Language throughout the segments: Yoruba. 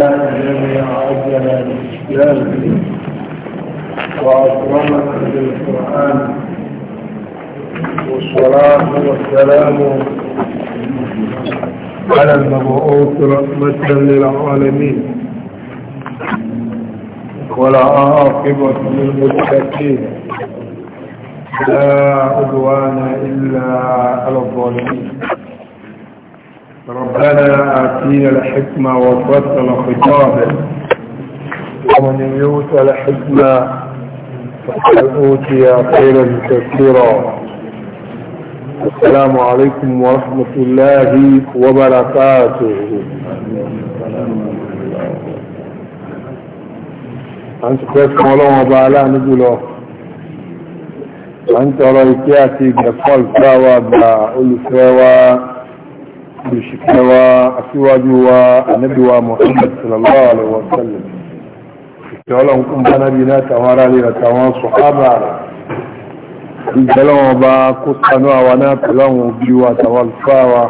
جميع أجل الإسلام وأكرمك بالقرآن والصلاة والسلام على المبعوث رحمة للعالمين والعاقبة للمتقين لا عدوان إلا على الظالمين ربنا آتينا الحكمة وفصل خطابه ومن يؤت الحكمة فقد أوتي خيرا كثيرا السلام عليكم ورحمة الله وبركاته أنت كيف مولانا بعلا نقول أنت رأيك يأتي بفضل سوا بأولو سوا olùṣìkẹwà aṣíwájú wa ànábì wa Muhammad sallallahu alaihi wa sallam ìṣẹ́ ọlọ́run kún bá nábi náà tàwọn ará lè àtàwọn sọ̀hábà rẹ̀ ìjẹ́lọ́wọ́n bá kó sanú àwa náà pẹ̀láwọn òbí wa àtàwọn àlùfáà wa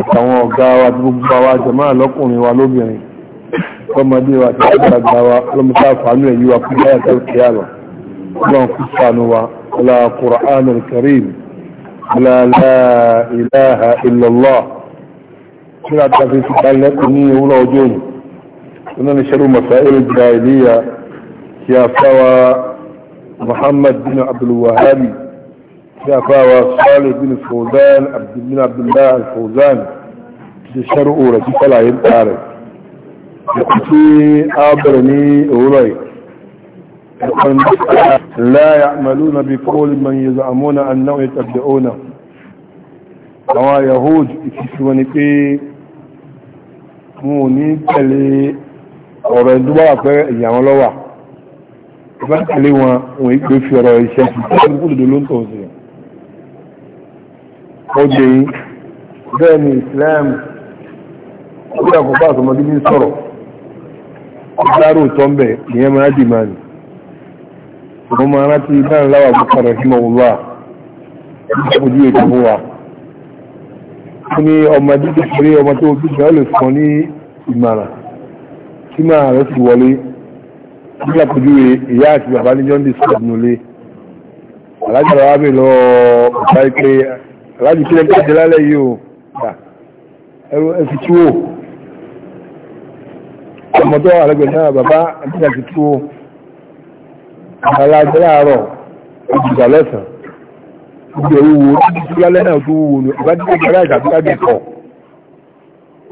àtàwọn ọ̀gá wa gbogbo àwa jàmáà lọ́kùnrin wa lóbìnrin kọmọdé wa àti àgbàgbà wa ọlọ́mọdé àfààní ẹ̀yí wa kú báyà tó kíá lọ ọlọ́run kú sanú wa ọlá Qur'an على لا إله إلا الله كلا في سبحان الله لكني ولا وجوني كنا نشروا مسائل الجاهلية يا فاوى محمد بن عبد الوهاب يا فاوى صالح بن الفوزان عبد بن عبد الله الفوزان نشروا رجل في يبقى عارف يقول في أبرني أولئك لا يعملون بقول من يزعمون أنه يتبدعون àwọn yahood ìfìsí wọn ni pé mú ní tẹ̀lé ọ̀rọ̀ ìdúbà pẹ́rẹ ìyàwó lọ́wà ìbá tẹ̀lé wọn òun ìgbé fi ọ̀rọ̀ iṣẹ́ ìpínlẹ̀ kúròdó ló ń tọ̀ sí ọdẹ yìí bẹ́ẹ̀ ni Islam ó yà kó bá àtọmọdé ní sọ̀rọ̀ ó dárò tọ́ńbẹ̀ ìyẹn máa dì máa wọ́n máa rántí náà láwà bukà rahimahulá ìjọbojú ètò fún wa ó ní ọmọ jíjẹ kéré ọmọ tó bí ìjọ lè fún ní ìmọ̀ràn tí máa rẹ̀ ti wọlé nígbà kojú ìyá àti bàbá ní john dis club nulẹ̀ alájà bàbá mi lọ ọ̀pá ìpè alájì kílẹ̀ tó jẹ lálẹ́ yìí o ẹrù ẹsì túwò ọmọ tó àrẹgbẹ̀ náà bàbá àti àti túwò àgbàlagbà láàárọ̀ ìjìgbà lọ́sàn gbogbo ẹ̀rù wo títí lálẹ́ náà tó wúwo ní ìbádìí ìgbàlá ìtàbí lágbè pọ̀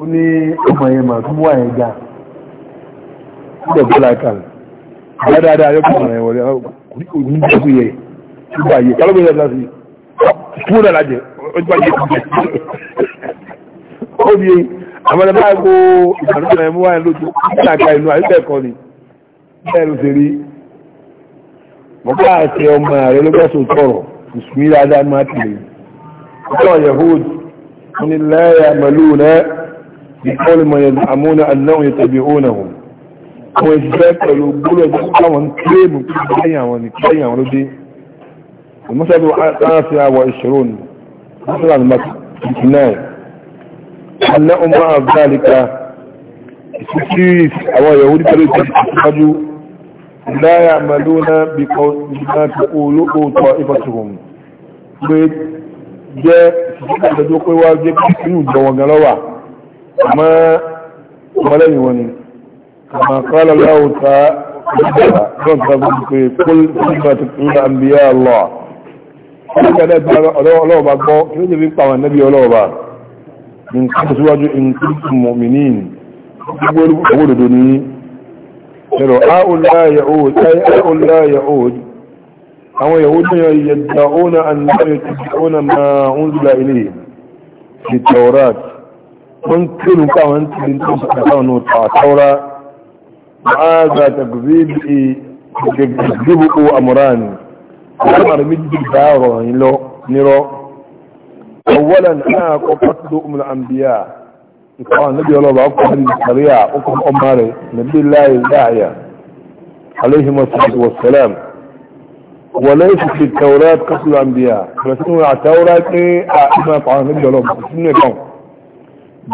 ó ní ọmọ yẹn mà tó wà ẹja gbogbo láìka lọ dáadáa yóò kọ̀ọ̀rọ̀ ẹ̀ wọlé òní ìjọba yẹ gbogbo àyè kálọ́gbọ̀n yẹn lọ́sí fún ọ̀nà lájẹ ọjọ́ àjẹ kúkẹ́ ó ní àwọn ẹ̀bá àgbo ìgbàlódé náà mú wáyé lójú ní àká ìlú àyíkẹ́ ẹ̀kọ́ ni bẹ́ẹ̀ ló ṣe rí bọ́bá àti ọmọ rẹ̀ ló gbẹ́sùn tọrọ ìsúnmí dáadáa máa tìlẹ̀ ọjọ́ yahood wọn ni lẹ́yà mẹ́lú rẹ̀ bí kọ́lù mọ̀ yẹn àmúna annáwọn yẹn tàbí ó nà wọn àwọn ìṣiṣẹ́ pẹ̀lú gbọ́dọ̀ tó kọ́ àwọn kílèmù tó ذلك سكيس أو يهود كانوا يتحدثوا لا يعملون بما تقول طائفتهم jẹ́ ìdájọ́ pé wá jẹ́ inú gbọ̀wọ̀gán lọ́wà ma wọ́lẹ́yìn wọn ni ma kọ́lọ̀ láwọ́ta ìjọba náà tàbí pé kúlùmọ̀ ti kúrò àmbíyà lọ́wọ́ ọlọ́ọ̀bá gbọ́ kí ó jẹ́ bí pàwọn nẹ́bí ọlọ́ọ̀bá nǹkan tó síwájú nǹkan mọ̀mìnín gbogbo ẹ̀rọ áùláyàóòd àwọn yahudu ya yadda ona an láyé tuji ona ma ń zula ilé ti taurat wọ́n kírù káwọn tilin tó su kàtàwọn nota taura ba za ta gzibu ko amurani wọ́n قال النبي الله بأبقى هذه السريعة أقف أماري نبي الله الداعية عليهم الصلاة والسلام وليس في التوراة قتل الأنبياء فلسنوا على التوراة إما طعام نبي الله بسنة كون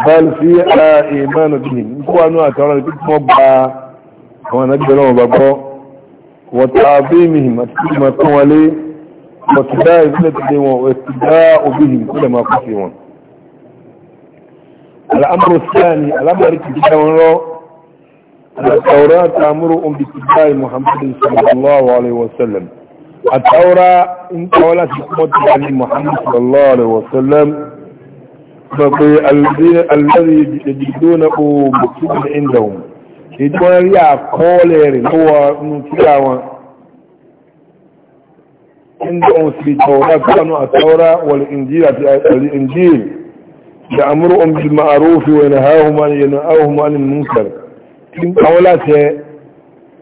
بل فيها إيمان بهم يقول أنه التوراة بتمبع هو نبي الله بأبقى وتعظيمهم أتكلم الطوالي واتباع ذلك واتباع بهم كل ما قصيرون الأمر الثاني الأمر الثاني التوراة تأمر أم باتباع محمد صلى الله عليه وسلم التوراة إن ولا تقوت عن محمد صلى الله عليه وسلم الذين الذي يجدونه مكتوب عندهم يقول لي قولير هو نتلاوة عندهم في التوراة كانوا التوراة والإنجيل الإنجيل يأمرهم بالمعروف وينهاهم عن ينهاهم عن المنكر إن قولات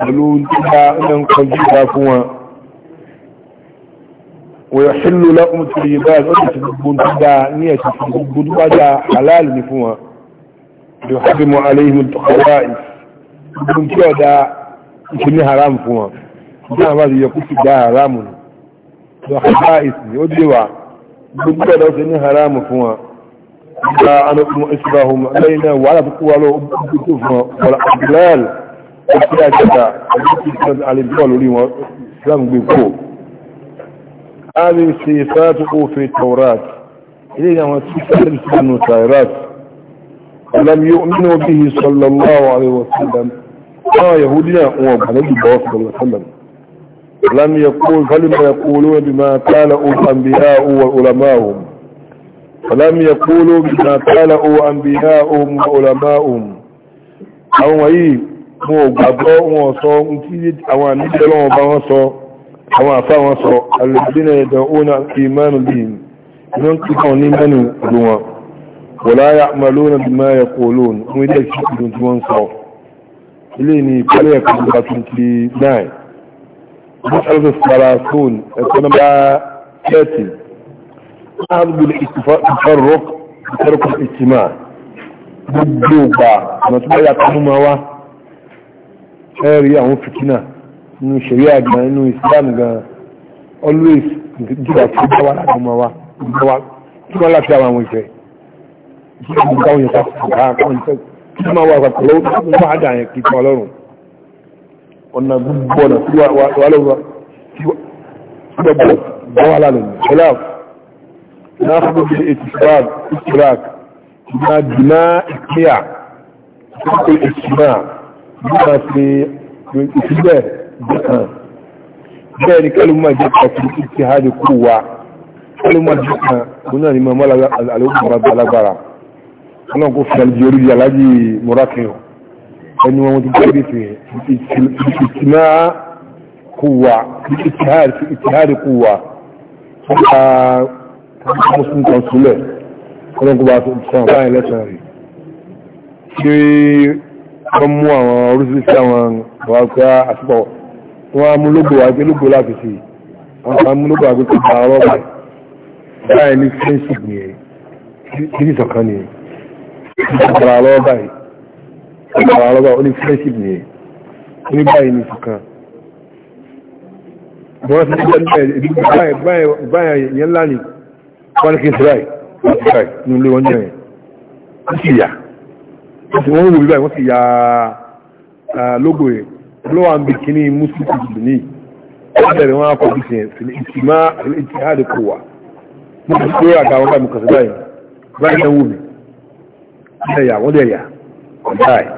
يقولون تبا أن قلبها فوا ويحل لهم الطيبات ويتبون تبا نية تبون تبا حلال فوا يحرم عليهم الخوائف يقولون تبا يكون حرام فوا يقولون هذا يقول تبا حرام وخبائث يقولون تبا يقولون تبا حرام فوا لا أنا أم إسباهم علينا وعلى تقوى له أبتفهم ولا أبلال أبتلا جدا أبتلا على الدول لي وإسلام بيكو هذه الصفات في التوراة إلينا وصفات الإسلام والسائرات لم يؤمنوا به صلى الله عليه وسلم آه يهودنا أمام عليه صلى الله عليه وسلم لم يقول فلما يقولون بما كان أولى الأنبياء وعلماؤهم فلم يقولوا بما قاله أنبياءهم وعلماءهم àwọn wọ̀nyí wọn ò gbàgbọ́ wọn sọ tí àwọn àníjẹ́ lọ́wọ́ bá wọ́n sọ àwọn àfá wọn sọ alìbínà ẹ̀dọ̀ òun àti ìmánu bí i ń kíkọ̀ ní mẹ́nu ìlú wọn wò láyà malóna bí máa yẹ kó lóun wọn ilé ìṣẹ́ ìlú tí wọ́n sọ ilé ní ìpínlẹ̀ ẹ̀kọ́ nípa 29 wọ́n sọ fara fóònù ẹ̀kọ́ nípa 30 قال بالتفرق تفرق الاجتماع بالدوبة ما تبقى يتعلم هو شاري اهو فتنة انه شريعة انه اسلام always جدا تبقى ولا تعلم هو كما لا تعلم هو شيء كما يتفق كما هو فكرو ما عدا يكي قالوا قلنا بولا سواء ولو سواء بولا لهم خلاف ناخذ بالاتفاق اشتراك مع بناء القيع حق الاجتماع بما في الاتجاه ذلك لما جاء في الاجتهاد قوة لما جاء هنا لما ملا الألوم رد على برا أنا قفل الجوري الذي مراكيه أنه متجري فيه الاجتماع قوة الاجتهاد في الاجتهاد قوة muslim kan sílẹ̀ ọlọ́gbọ́n bá sọ ọ̀gá ẹ̀ lẹ́sàn rí tí wọ́n mú àwọn oríṣiríṣi àwọn àwọn akẹ́ àtúpọ̀ wọ́n á mú lógbò àti lógbò láti sí wọ́n á mú lógbò àti kò bá ọ̀rọ̀ bẹ̀ báyìí ní friendship ni ẹ̀ kí ní sọ̀kan ni ẹ̀ kò bá ọ̀rọ̀ báyìí kò bá ọ̀rọ̀ ó ní friendship ni ẹ̀ ó ní báyìí ní sọ̀kan wọ́n ti ní báyìí wọ́n kí n síláì wọ́n ti báyìí ní ilé wọ́n jẹ́ yẹn wọ́n sì yà wọ́n sì wọ́n wò bíbáyìí wọ́n sì yà lógo yẹn lọ́wọ́ à ń bi kíní mùsùlùmí ti bìíní wọ́n bẹ̀rẹ̀ wọ́n á kọ́ bí ìtìmá fìlì de kò wà mo kò sí àga wọn káàmù kàṣẹ báyìí báyìí náà wù mí wọ́n dẹ̀ yà wọ́n dẹ̀ yà ọ̀dà ẹ̀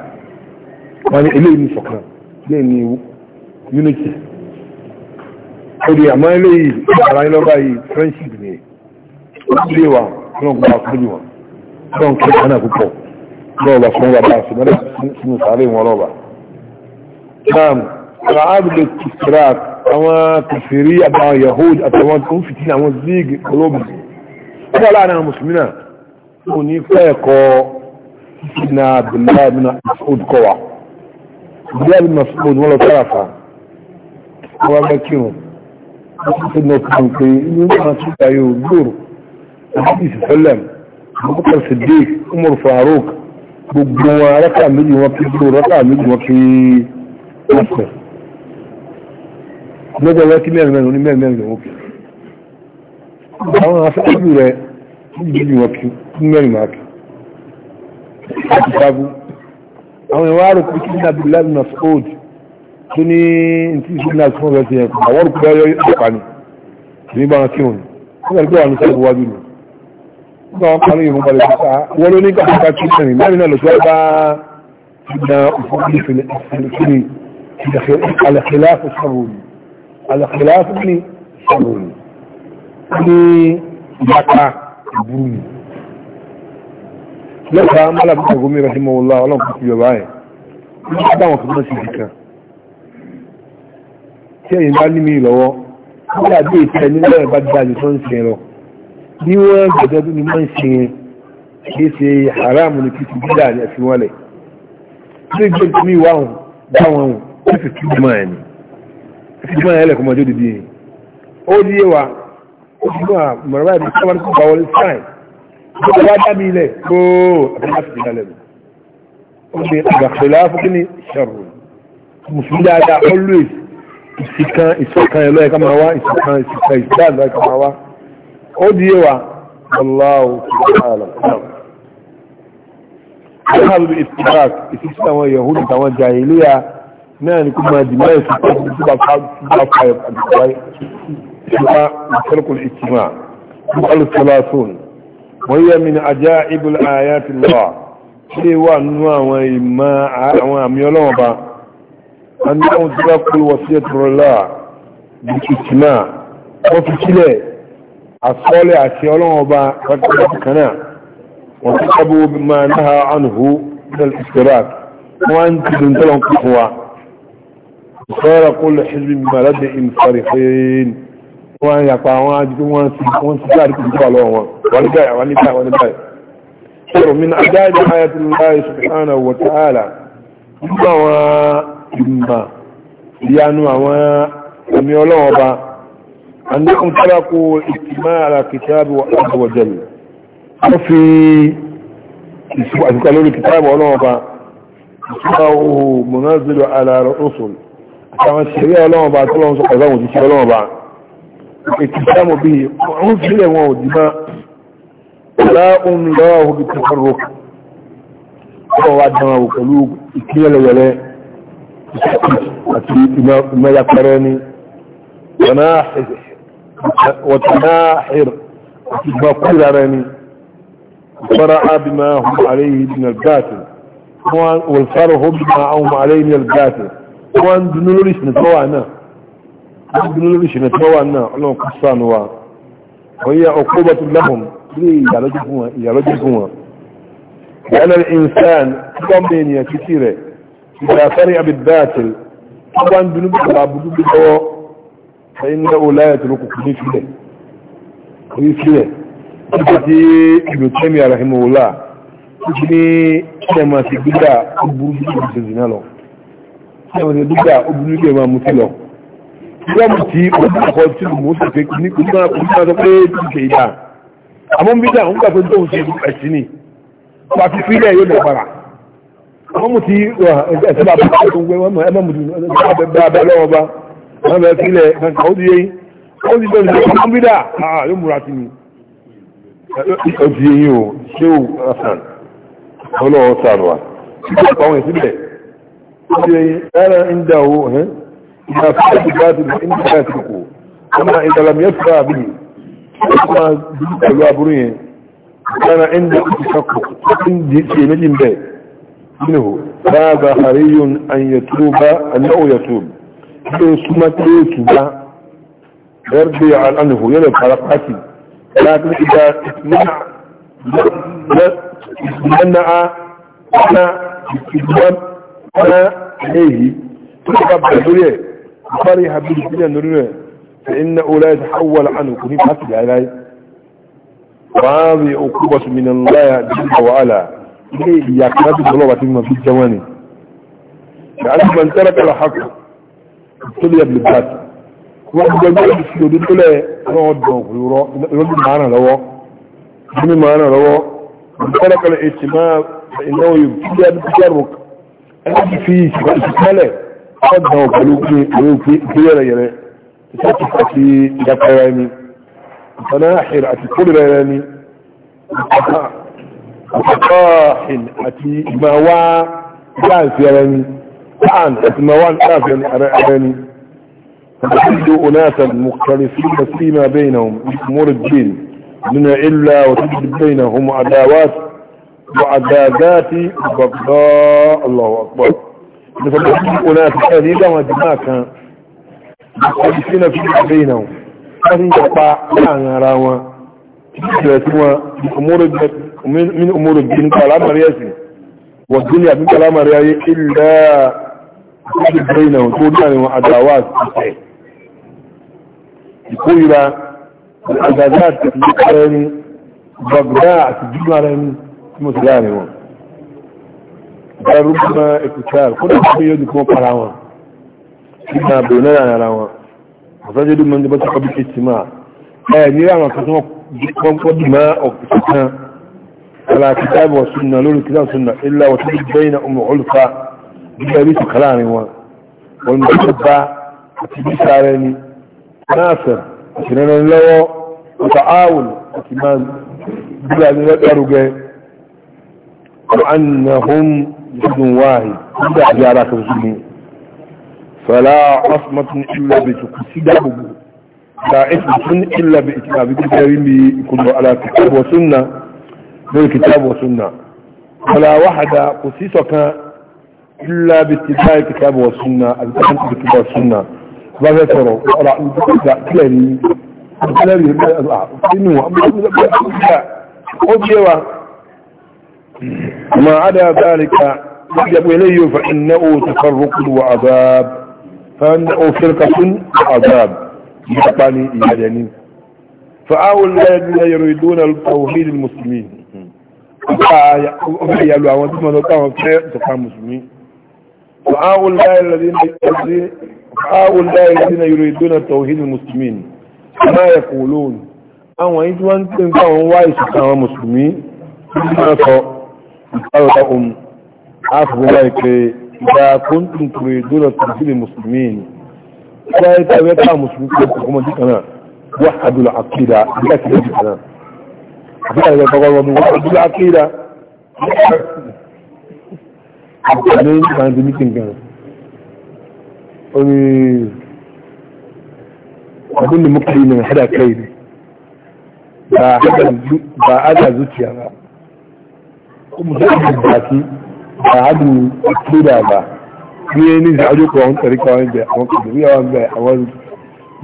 wọ́n ní eléyìí ní sọ̀kan eléyìí ní unity ó di àmọ́ eléyìí àlàyé lọ́ba yìí friendship nìyẹn ilé wa náà gba wọn náà kí wọn púpọ̀ lọ́ọ̀bà fún bàbá àṣìmọ́lẹ̀ sínú sàárè wọn lọ́ọ̀bà náà ra ábìlẹ̀ àwọn kìfìrí àbáwọn yahood àtàwọn tó ń fìtí àwọn na ti fún pé inú yóò gbòòrò النبي صلى الله عليه وسلم أبو بكر عمر فاروق gbogbo wọn rẹ́kà méjì wọn kí gbogbo rẹ́kà méjì wọn kí ọ̀sẹ̀ lọ́jọ́ wọn kí mẹ́rin mẹ́rin onímẹ́rin mẹ́rin wọn kí àwọn afẹ́kọ̀ọ́bù rẹ̀ méjì méjì wọn kí mẹ́rin wọn kí láti sábú àwọn ìwà àrùn kí ní abdullahi masoud tó ní ntí ìṣúná àti ti yẹn àwọn olùkọ́ ọ̀pá ni ìbí bá wọn kí wọn ní wọn kí ní sábú ni náà parí ìrùn balẹ̀ sísá wọ́n ló ní kàkàkà tí sẹ́yìn mẹ́rin náà lọ́sọ́ bá ìdá òfurufú fìlẹ̀fìlẹ̀ alẹ́kẹ̀láfù sọ̀rọ̀lù alẹ́kẹ̀láfù ní sọ̀rọ̀lù ní ìyapa ìbúrú ni lọ́sà mọ́làbí ọgọ́mí rẹ̀ símọ̀ wọlá ọlọ́pàá ti yọba ẹ̀ ní bá wọn kìí sí ìdíkà tí ẹ̀yìn bá ní mi lọ́wọ́ wọ́n dàbí ìtẹ́ nílẹ̀ bá dájú tó ń sin lọ bí wọ́n gẹ̀gẹ́ bí wọ́n ṣe kí ṣe haramu ní kìtì bídà ní ẹ̀fí wọn lẹ̀ tí ó gbé mi wá wọn bá wọn wọn ó sì tú mọ́ ẹ̀ ní ẹ̀fí mọ́ ẹ̀ lẹ̀kọ́ mọ́jọ́ dìde yìí ó di yé wa ó ti mọ́ àmọ̀ràn báyìí kí wọ́n kọ́ bá wọlé sáìn ó ti wá dá mi lẹ̀ kó àbúrò ti dá lẹ́nu ó ní àgbàfẹ́lá fún ní ṣàrù mùsùlùmí dáadáa always ìsìkan ìsọ̀kan ẹ̀ lọ́yẹ̀ ká máa wá ìsìkan ìsìkan ìsìkan ìsìkan ìsìkan ó di yé wa aláwò alhàlùbí ìsìnkák ìsìnkú àwọn yahudu jahiliya na ni kuma jìmọ́ ìsìnkú tó bá fàyẹ̀ àdìsíwáyé kuma ìsìnkú ìsìnkú bukal salasun wọ́n yẹ min ajá ibùl ayati lọ́wọ́ ṣe wà nínú àwọn ìmọ̀ àwọn àmì ọlọ́wọ́ ba a ní àwọn tí wọ́n kúrò asọ́lẹ̀ àti ọlọ́wọ́ bá kankana wọ́n ti sábò ma náà anuhu nílẹ̀ ìsirat wọ́n ti dùn tọ́lọ̀ kúkú wa sọ́rọ̀ kúlù ṣíbi mọ̀lẹ́dẹ̀ ìfarifin wọ́n yàpa àwọn ajíkú wọ́n sì wọ́n sì jáde kúkú wà lọ́wọ́ wọn wọ́n ní báyìí wọ́n ní أنهم تركوا الاجتماع على كتاب وعز وجل وفي قالوا لي كتاب ولوبا اسمعوا منزل على الرسل كما الشريعة ولوبا تلهم سقزان وتشير ولوبا الاتسام به وعنف لهم ودماء لا أملاه بالتفرق هو عدنا وقلوب إكيال ولا أتي ما يقراني وناحذ وتناحر بقول راني فرع بما هم عليه من الباطل والفرح بما هم عليه من الباطل وان دنولو ليش نتوانا وان دنولو ليش نتوانا اللهم قصانوا وهي عقوبة لهم يا يلجفوا لأن الإنسان ضمن كثيرة إذا فرع بالباطل وان دنولو نتوانا فإنه لا يترككم فيه فيه títí ìlú tẹ́mì àràhìmọ̀wòlá títí ní ṣẹ́mà sí gbígbà ọgbùrú gbígbà ṣe zìnà lọ ṣẹ́mà sí gbígbà ọgbùrú gbígbà máa mú sí lọ ṣẹ́mù tí ọdún àkọ́ tí ó mú sí pé ní onímọ̀ sọ pé tí ṣe ìdá àmọ́ ń bídà ń gbà pé tó ń ṣe ẹ̀sìn ni wà fi fílẹ̀ yóò dàgbàrà àmọ́ mu ti ẹ̀sìn bàbá tó ń gbé wọn mọ̀ ẹ wọ́n bẹ̀rẹ̀ sílẹ̀ kankan ó di yẹn ó di bẹ̀rẹ̀ sílẹ̀ kankan bí dà áà ah, ah, yóò múra sí mi ó di yẹn o ṣé o hasan ọlọ́wọ́ sàrọ̀ wa ìjọba àwọn ìsílẹ̀ ó di yẹn ẹ̀rọ ń dà o ẹ̀hẹ́n ìgbà fún ẹ̀sìn bá ti ní ìgbà ẹ̀sìn kò ọmọ ìdàlàmìyẹ́ fún àbí ó máa dúró pẹ̀lú aburú yẹn كان عنده تشكك عندي في مجنبه منه هذا حري أن يتوب أنه يتوب súnmọ́ tí ó tù bá rẹ́rẹ́dẹ́ aláhù yẹ́lẹ̀ farapati láti ìdá ìsìnmọ́nà ọ̀nà ìsìnmọ́nà ẹ̀yí tó bá bẹ̀rẹ̀ lórí ẹ̀ bari habi ìpínlẹ̀ lórí rẹ̀ فإن أولئك تحول عنه كنت حسب علي وهذه عقوبة من الله جل وعلا إليه يكاد الله في الجوانب لأن من ترك الحق tólé ẹ̀bùn gbàtì wọ́n gbogbo ẹgbẹ́ ìfi òdú tólẹ̀ àwọn ọ̀dàn òwúrọ̀ ìrọ́bí máa ràn lọ́wọ́ ìdí máa ràn lọ́wọ́ ìfọ́lẹ́kọ̀lẹ̀ ètì máa ìnáwó yóò tí ẹni tí ẹrù ẹni fi ìsìnkálẹ̀ ọ̀dàn òpèlú pé àwọn ìpínlẹ̀ rẹ̀ yẹrẹ ìsáàtì àti ìdápẹ́rẹ́ ẹni ìtọ́nà àṣírí àti kórìíra ẹni àtàkọ́ àti ìgbà وعن تتموان آفن أرأباني فتجد أناسا مختلفين فيما بينهم أمور الدين من إلا وتجد بينهم عداوات وعدادات وبغضاء الله أكبر فتجد أناسا هذه لما مختلفين فيما بينهم فهي يقع عن راوة من أمور الدين كلام رياسي والدنيا من كلام رياسي إلا ìpàdé bẹ́ẹ̀nà tó dáàrin wọn àdáwà àtìsẹ̀ ìkórira àgbàdá àti ìlúkọrẹ ní gbàgbà àti jùlọ ara ní tí mo sì láàrin wọn ìdárúgbà ẹkùtàr kó dà fún yóò dìkún para wọn tí máa bèèrè náà ara wọn àtọ́jú dì mọ́ndé bá sọ́kọ́ kí ti máa ẹ̀ ní àwọn kan tí wọ́n pọ́ dì máa ọ̀pọ̀ kan alákìtàbọ̀ sunna lórí kìtàbọ̀ sunna ilá wọ́n tó bẹ́ẹ̀nà ọmọ olùfà nígbà bí sùkà láàrin wọn wọn ní tó bá àti bí sáré ni náàsẹ̀r àti rẹ̀rẹ̀ lọ́wọ́ ọ̀tà áwùl àti máa gbúra ní lẹ́gbẹ̀rúgẹ annahum jùdùn wáhì nígbà àbí ara kan sí ni fẹ̀lá ọ̀sùmọ̀tún ilẹ̀ bẹ̀ tó kù sí dábòbò da إلا باتباع الكتاب والسنة أنت بالكتاب والسنة ما يترى وقرأ كلامي كلامي إنه أبيوا ما عدا ذلك يجب إليه فإنه تفرق وعذاب فإنه فرقة وعذاب يقاني إيجاني فأول الذين يريدون التوحيد المسلمين فأيالوا عوانتما نتاهم في تقام المسلمين فهؤلاء الذين فهؤلاء الذين يريدون توحيد المسلمين ما يقولون àwọn èyí tí wọ́n ń pè ń káwọn wá ìṣẹ̀kà àwọn mùsùlùmí tí wọ́n sọ ìpàlọ̀ ohun afẹ́gbọ́nwá ìpè ìgbà kóńtùn kúrò ìdúró tàbílì mùsùlùmí ni wọ́n yẹ́ ká mùsùlùmí kò kò mọ́ díkan náà wọ́n àdúrà bí láti lè àpàdé ìpàdé ti mítìn kan orí abin da muka yi mai hada kai ne ba hada zuciya ba kuma da abin baki ba hadin akida ba ni ya ni zaɓi ko wani tsarika wani bai awon kaduriya wani bai awon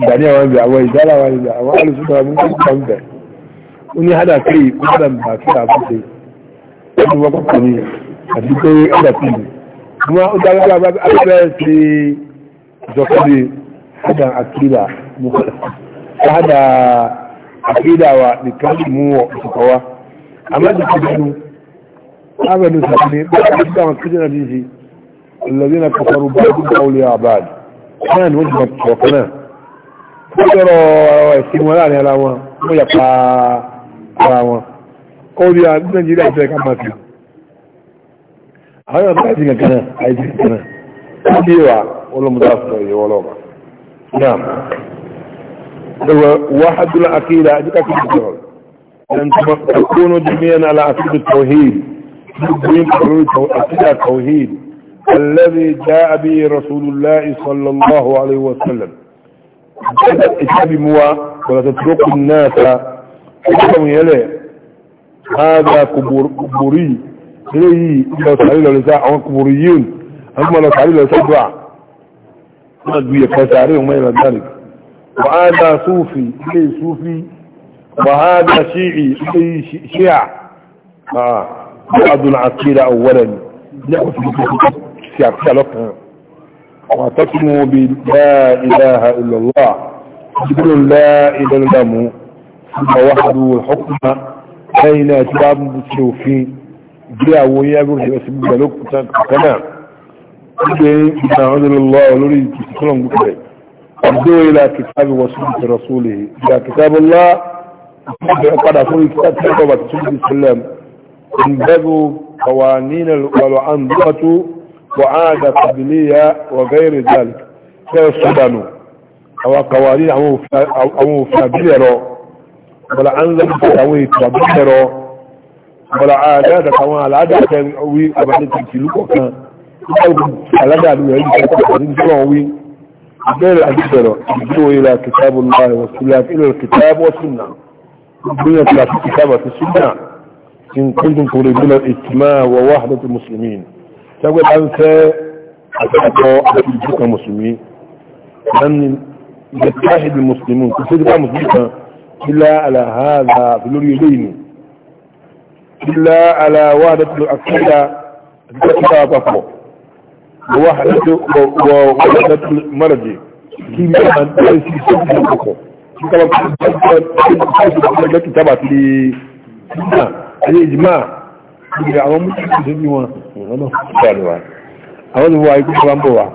daniya wani bai awon idala wani bai awon alisu da wani kuma wani bai wani hada àti pé ọ̀dà tí ìlú wọn ó dára lára abẹ́rẹ́ ti ìjọkọ́bí hada akida hada akida wa nìkan mú ọ̀sùnkọ́ wa àmọ́jì ti dẹnu ábẹ̀nu sàkíní bẹ́ẹ̀ ni àwọn kírísítẹ́nà ti ṣe الذين كفروا بعضهم أولياء بعض كان وجهة وقناه kọ́jọ́rọ̀ ẹ̀sìn wọn láàrin ara wọn wọ́n yàpa ara wọn ó rí àdúgbò nàìjíríà ìfẹ́ ká máa fi هذا أيوة، ما عايزين كلام عايزين كلام ايوه ولا مضاف ولا ما نعم هو واحد العقيدة ذيك كل أن تكونوا جميعا على عقيدة التوحيد تكون عقيدة التوحيد الذي جاء به رسول الله صلى الله عليه وسلم اتبعوا ولا تتركوا الناس كلهم يلي هذا كبوري إلي إلا تعليل الإساء عن كبريين أما لا تعليل الإساء دعا ما دوية كساري وما إلى ذلك وآذا صوفي إلي صوفي وهذا شيعي إلي شيع آه، بعض العقيل أولا نعرف بكثير شيع لك وتسمو بلا إله إلا الله تقول لا إله إلا مو فهو وحده الحكم أين أجاب المتشوفين ìgbéyàwó yẹn agbóhùn ìjọba sí gbogbo ló kú tán kan náà gbogbo ìgbà àwọn olùlọ olórí ìtìsọ́lọ̀ gbogbo rẹ̀ ọdún ìlà kìtàbí wọ́n sún ìtẹ̀rọ sólè ìlà kìtàbí ńlá padà fún ìtìsọ́ tí wọ́n bá ti sún ìtìsọ́ sílẹ̀ ìbẹ́bù kọwà nínú ọ̀rọ̀ àǹdọ́tú wà áàdà tàbílíyà wà gẹ́rẹ̀ jàlì fẹ́ sọ́dánù àwọn kọwà nínú àwọn òfin àbílẹ̀ rọ wà áǹdọ́tú àwọn ìtàbílẹ̀ rọ bọ̀lá àdáàdà ah, àwọn àládàtẹ̀ wí àbájẹ́tì ìlú kọ̀kan aládàlú rẹ̀ yìí kọ̀kan ní tí wọ́n wí bẹ́ẹ̀rẹ̀ àjíbẹ̀rọ̀ ìdíwò ilá kìtàbù láàrin wọ̀sílá ilẹ̀ kìtàbù ọ̀sùnà gbìyàn tí a fi kìtàbù àti súnà tí ń kúndùn kúrò ìgbìnà ìtìmá wọ wáhàdà ti mùsùlùmí tẹ́gbẹ́ bá ń fẹ́ àtàkọ́ àti ìdíkan mùsùlùmí lẹ́nu ìgbẹ̀táhìdì mùsùlùmí kò sí ìdíkan mùsùlùmí kan ilá àlàáhà إلا على وحدة العقيدة تتبع بفو ووحدة ووحدة المرجع كما أن تأسي سبب بفو كما أن كتابة لي أي إجماع àwọn mùsùlùmí ní wọn ọ̀nà ìpàdùwà àwọn ìwà ikú ṣe wá ń bọ̀ wá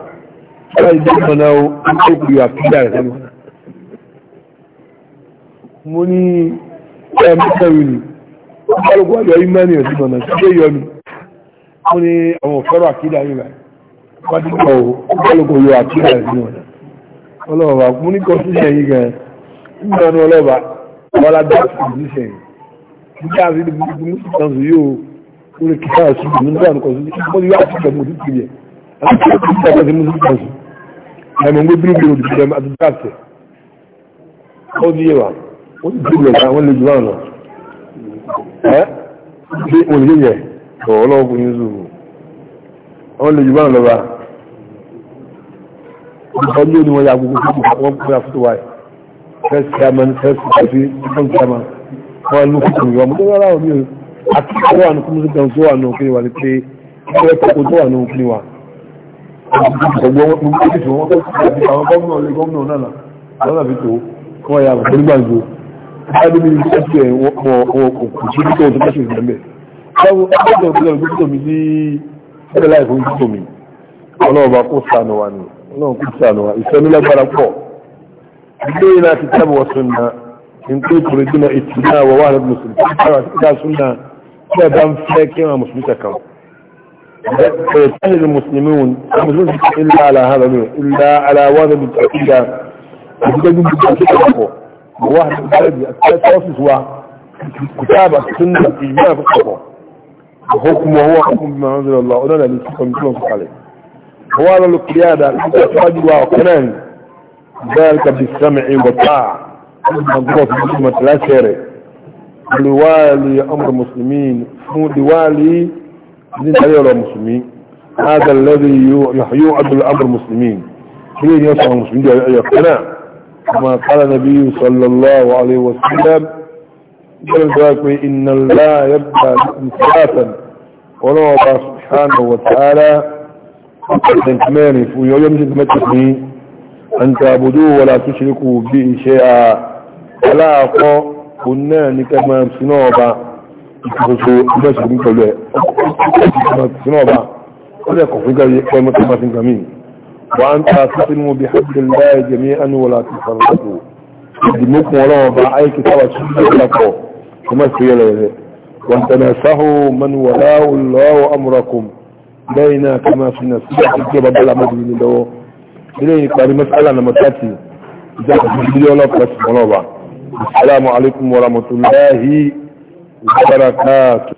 láì jẹ́ ìmọ̀nà òkú yóò àfíjà rẹ̀ sẹ́nu mo ní ẹ̀mí kẹrin nìí ọgbàlùkù ọjọ́ imani ọ̀sí mọ̀nà sí ilé yọnu wọ́n ní àwọn òfẹ́rọ̀ àkídà yìí rẹ̀ pàdúgbò ọgbàlùkù yọ àkídà sí mọ̀nà ọlọ́ọ̀bà mú ní kọ́síṣẹ́ yìí gan nígbà ní ọlọ́ọ̀bà ọlá dá kọ́síṣẹ́ yìí nígbà tí ní bí mú sí kan yóò lórí kíkà sùn nígbà ní kọ́síṣẹ́ mọ́ ní yóò àti ìjọba ẹ́ bí wọ́n lè yẹ ọ̀ọ́lọ́gùn ní zùrù wọ́n lè jùbọ́n lọ́ba ọjọ́ yóò ní wọ́n ya gbogbo gbogbo wọ́n kó ya fútu wáyé first chairman first secretary second chairman wọ́n lù fún mi wọ́n mú rárá òní o àti ìwọ́ àná kúmú sí gan tó wà náà kiri wà ní pé ìwọ́ ẹ̀kọ́ tó wà náà kiri wà gbogbo wọn gbogbo ìdìbò wọn kọ́ àwọn gómìnà lé gómìnà náà lọ́nà fi tó wọ́n ya àbùkù nígbà gbogbo báyìí mi ní ẹsẹ̀ wọn kò sí títọ́ tó bá ṣe ìgbà mẹ́. báwo ọjọ́ tó lọ gbọ́dọ̀ mi ní ẹgbẹ́ láì fún títọ́ mi ọlọ́run bá kó sànù wa ni ọlọ́run kó sànù wa ìfẹ́ mi lágbára pọ̀. ilé yìí náà ti tẹ́bù wọ sunna nítorí ìtòrò ìdúná ìtìlá wọ wà lọ́dún mùsùlùmí ká sunna tí a bá ń fẹ́ kí wọn mùsùlùmí kankan. فيجتهد المسلمون المسلمون إلا على هذا إلا على وضع التأكيد واحد البلد التاسس هو كتابة سنة إجماع في الصفة وحكم هو حكم بما أنزل الله ولنا اللي سكن كلهم عليه هو على القيادة الإنتاج وقنان ذلك بالسمع والطاعة مضبوط بسمة لا شرع لوالي أمر المسلمين لوالي من تليل المسلمين هذا الذي يوعد الأمر المسلمين كيف يصنع المسلمين يقتنع ما قال النبي صلى الله عليه وسلم إن الله يبدأ لكم ثلاثا ولو الله سبحانه وتعالى كماني ويوم جزمتني أن تعبدوه ولا تشركوا به شيئا ولا أقوى كنا نكما سنوبا ìkòkòrò ìgbẹ́sùn pẹ̀lú ẹ̀ ọkùnrin tó kọ́ ìgbẹ́sùn náà bá ó lẹ́kọ̀ọ́ fún ìgbẹ́sùn pẹ̀lú وأن تعتصموا بحب الله جميعا ولا تفرقوا دمكم ولو بعيك سوى شيء لكم كما سيلا وأن تناسحوا من ولاه الله أمركم بينا كما في نسيح الكباب العمدين دو إليه قال مسألة نمتاتي إذا كنت بلي الله ولو الله السلام عليكم ورحمة الله وبركاته